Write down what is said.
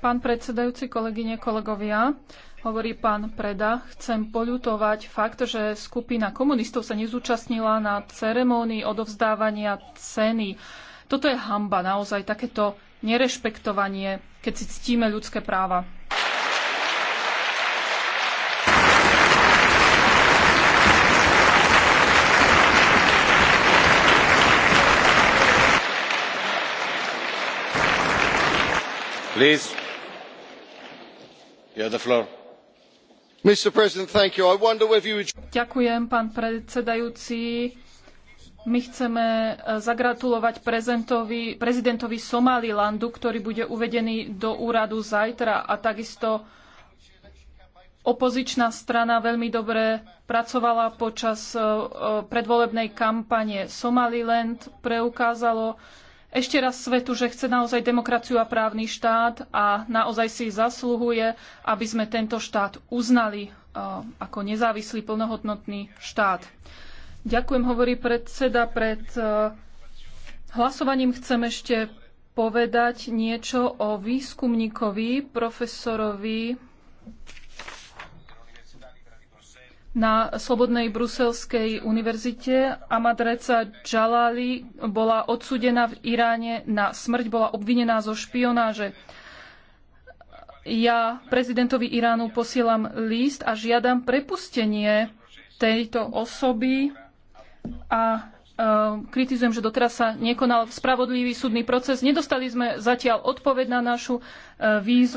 Pán predsedajúci, kolegyne, kolegovia, hovorí pán Preda, chcem poľutovať fakt, že skupina komunistov sa nezúčastnila na ceremónii odovzdávania ceny. Toto je hamba, naozaj takéto nerešpektovanie, keď si ctíme ľudské práva. Ďakujem, pán predsedajúci. My chceme e, zagratulovať prezidentovi Somalilandu, ktorý bude uvedený do úradu zajtra a takisto opozičná strana veľmi dobre pracovala počas e, e, predvolebnej kampane. Somaliland preukázalo ešte raz svetu, že chce naozaj demokraciu a právny štát a naozaj si zasluhuje, aby sme tento štát uznali uh, ako nezávislý plnohodnotný štát. Ďakujem, hovorí predseda. Pred uh, hlasovaním chcem ešte povedať niečo o výskumníkovi, profesorovi na Slobodnej Bruselskej univerzite Amadreca Jalali bola odsudená v Iráne na smrť, bola obvinená zo špionáže. Ja prezidentovi Iránu posielam list a žiadam prepustenie tejto osoby a e, kritizujem, že doteraz sa nekonal spravodlivý súdny proces. Nedostali sme zatiaľ odpoveď na našu e, výzvu.